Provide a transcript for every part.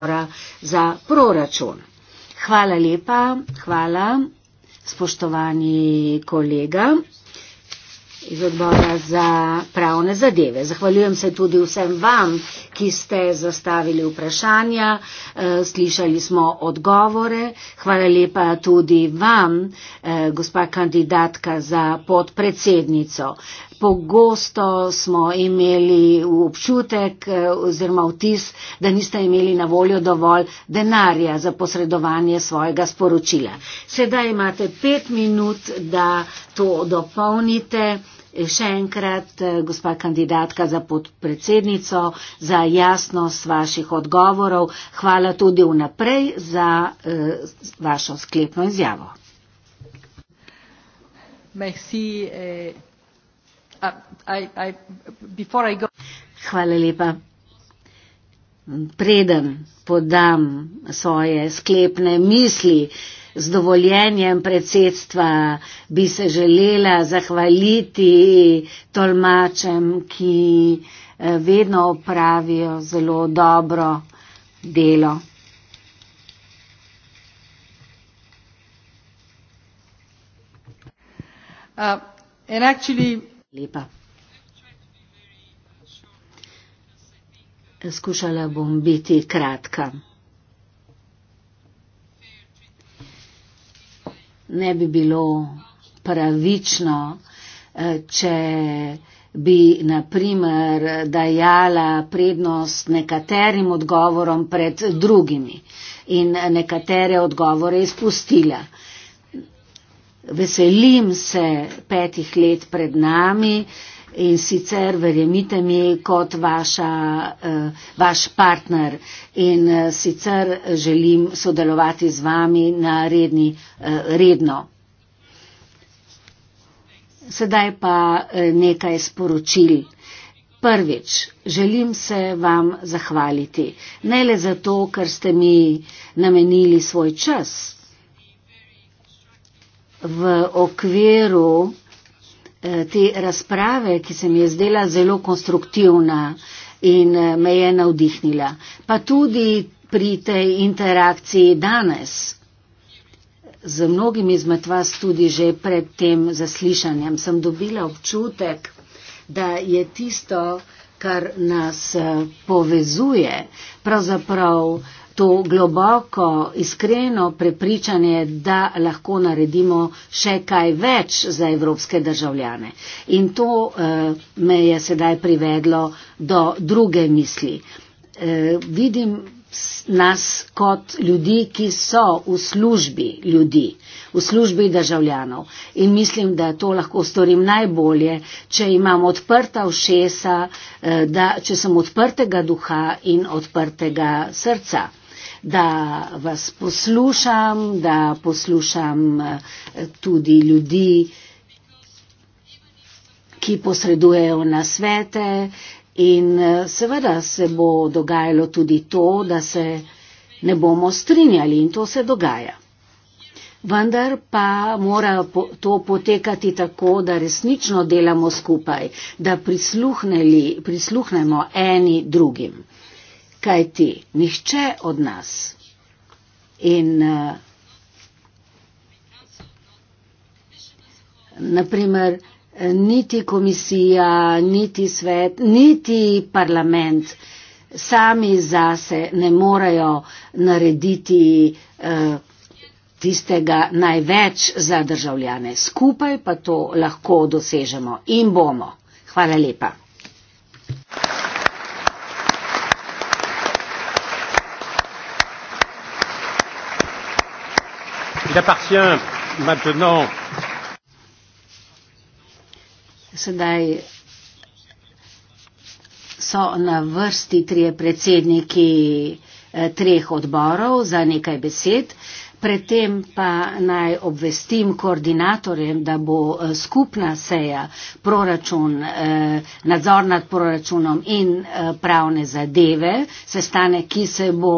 odbora za proračun. Hvala lepa, hvala spoštovani kolega iz odbora za pravne zadeve. Zahvaljujem se tudi vsem vam, ki ste zastavili vprašanja, eh, slišali smo odgovore. Hvala lepa tudi vam, eh, gospa kandidatka za podpredsednico pogosto smo imeli občutek eh, oziroma vtis, da niste imeli na voljo dovolj denarja za posredovanje svojega sporočila. Sedaj imate pet minut, da to dopolnite. Še enkrat, eh, gospa kandidatka za podpredsednico, za jasnost vaših odgovorov. Hvala tudi vnaprej za eh, vašo sklepno izjavo. Merci. Eh... Uh, Hvala lepa. Preden podam svoje sklepne misli z dovoljenjem predsedstva, bi se želela zahvaliti tolmačem, ki eh, vedno opravijo zelo dobro delo. Uh, in actually, lepa. Skušala bom biti kratka. Ne bi bilo pravično, eh, če bi naprimer dajala prednost nekaterim odgovorom pred drugimi in nekatere odgovore izpustila. Uh, veselim se petih let pred nami in sicer verjemite mi kot vaša, eh, vaš partner in eh, sicer želim sodelovati z vami na redni, eh, redno. Sedaj pa nekaj sporočil. Prvič, želim se vam zahvaliti, ne le zato, ker ste mi namenili svoj čas, v okviru eh, te razprave, ki se mi je zdela zelo konstruktivna in eh, me je navdihnila, pa tudi pri tej interakciji danes z mnogimi izmed vas tudi že pred tem zaslišanjem, sem dobila občutek, da je tisto, kar nas eh, povezuje, pravzaprav uh, to globoko, iskreno prepričanje, da lahko naredimo še kaj več za evropske državljane. In to eh, me je sedaj privedlo do druge misli. Eh, vidim nas kot ljudi, ki so v službi ljudi, v službi državljanov. In mislim, da to lahko storim najbolje, če imam odprta všesa, eh, da če sem odprtega duha in odprtega srca da vas poslušam, da poslušam eh, tudi ljudi, ki posredujejo na svete in eh, seveda se bo dogajalo tudi to, da se ne bomo strinjali in to se dogaja. Vendar pa mora to potekati tako, da resnično delamo skupaj, da prisluhnemo eni drugim kaj ti, nihče od nas. In uh, eh, naprimer, eh, niti komisija, niti svet, niti parlament sami zase ne morejo narediti uh, tistega največ za državljane. Skupaj pa to lahko dosežemo in bomo. Hvala lepa. appartient maintenant. Sedaj so na vrsti trije predsedniki eh, treh odborov za nekaj besed. Predtem pa naj obvestim koordinatorjem, da bo eh, skupna seja proračun, eh, nadzor nad proračunom in eh, pravne zadeve, sestane, ki se bo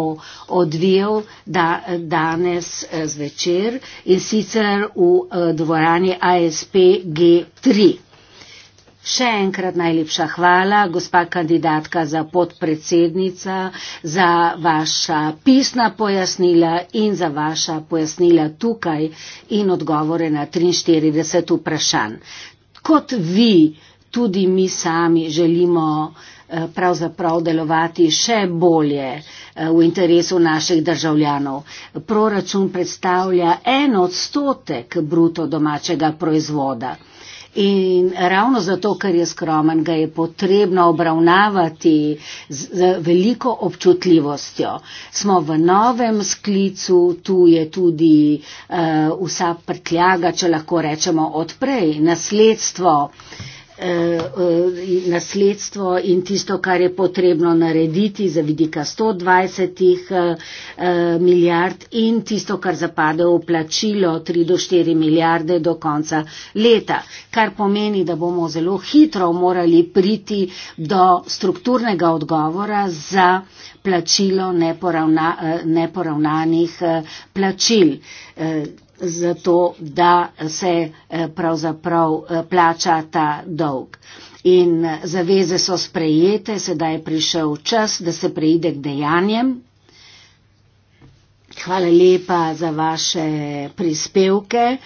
odvijal da, danes zvečer in sicer v dvorani ASPG 3. Še enkrat najlepša hvala, gospa kandidatka za podpredsednica, za vaša pisna pojasnila in za vaša pojasnila tukaj in odgovore na 43 vprašanj. Kot vi, tudi mi sami želimo eh, pravzaprav delovati še bolje eh, v interesu naših državljanov. Proračun predstavlja en odstotek bruto domačega proizvoda. In ravno zato, ker je skromen, ga je potrebno obravnavati z, z veliko občutljivostjo. Smo v novem sklicu, tu je tudi uh, vsa prtljaga, če lahko rečemo, odprej nasledstvo. Uh, Eh, eh, nasledstvo in tisto, kar je potrebno narediti za vidika 120 eh, milijard in tisto, kar zapade v plačilo 3 do 4 milijarde do konca leta. Kar pomeni, da bomo zelo hitro morali priti do strukturnega odgovora za plačilo neporavna, neporavnanih plačil zato, da se eh, pravzaprav eh, plača ta dolg. In eh, zaveze so sprejete, sedaj je prišel čas, da se preide k dejanjem. Hvala lepa za vaše prispevke.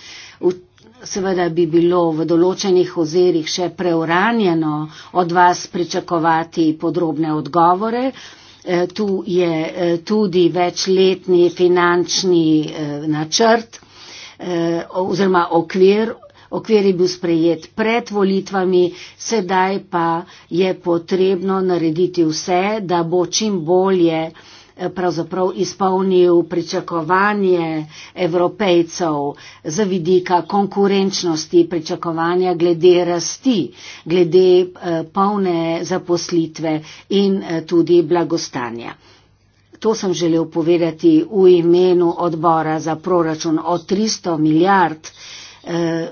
Seveda bi bilo v določenih ozerih še preuranjeno od vas pričakovati podrobne odgovore. Tu je tudi večletni finančni načrt. Eh, oziroma okvir, okvir je bil sprejet pred volitvami, sedaj pa je potrebno narediti vse, da bo čim bolje eh, pravzaprav izpolnil pričakovanje evropejcev za vidika konkurenčnosti, pričakovanja glede rasti, glede eh, polne zaposlitve in tudi blagostanja to sem želel povedati v imenu odbora za proračun o 300 milijard. Eh,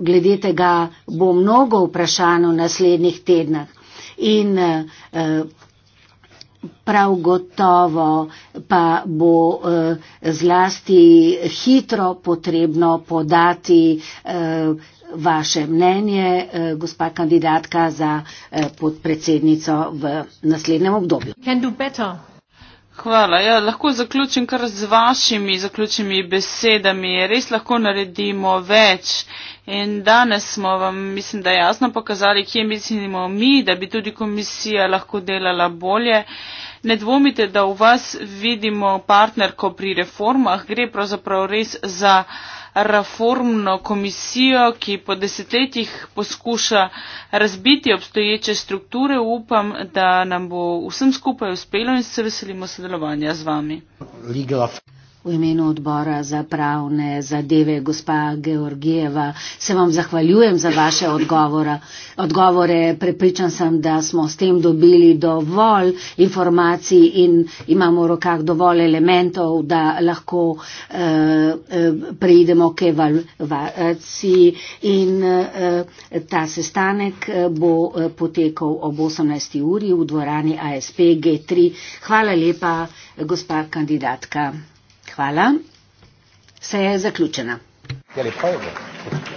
glede tega bo mnogo vprašanj v naslednjih tednah. In eh, prav gotovo pa bo eh, zlasti hitro potrebno podati vaše mnenje, gospa kandidatka, za podpredsednico v naslednjem obdobju. Hvala. Ja, lahko zaključim kar z vašimi zaključnimi besedami. Res lahko naredimo več. In danes smo vam, mislim, da jasno pokazali, kje mislimo mi, da bi tudi komisija lahko delala bolje. Ne dvomite, da v vas vidimo partnerko pri reformah. Gre pravzaprav res za reformno komisijo, ki po desetletjih poskuša razbiti obstoječe strukture, upam, da nam bo vsem skupaj uspelo in se veselimo sodelovanja z vami. Legal. V imenu odbora za pravne zadeve, gospa Georgijeva, se vam zahvaljujem za vaše odgovora. odgovore. Prepričan sem, da smo s tem dobili dovolj informacij in imamo v rokah dovolj elementov, da lahko uh, uh, preidemo k evalvaciji in uh, ta sestanek bo uh, potekal ob 18. uri v dvorani ASP G3. Hvala lepa, gospa kandidatka hvala. Seja je zaključena. Hvala.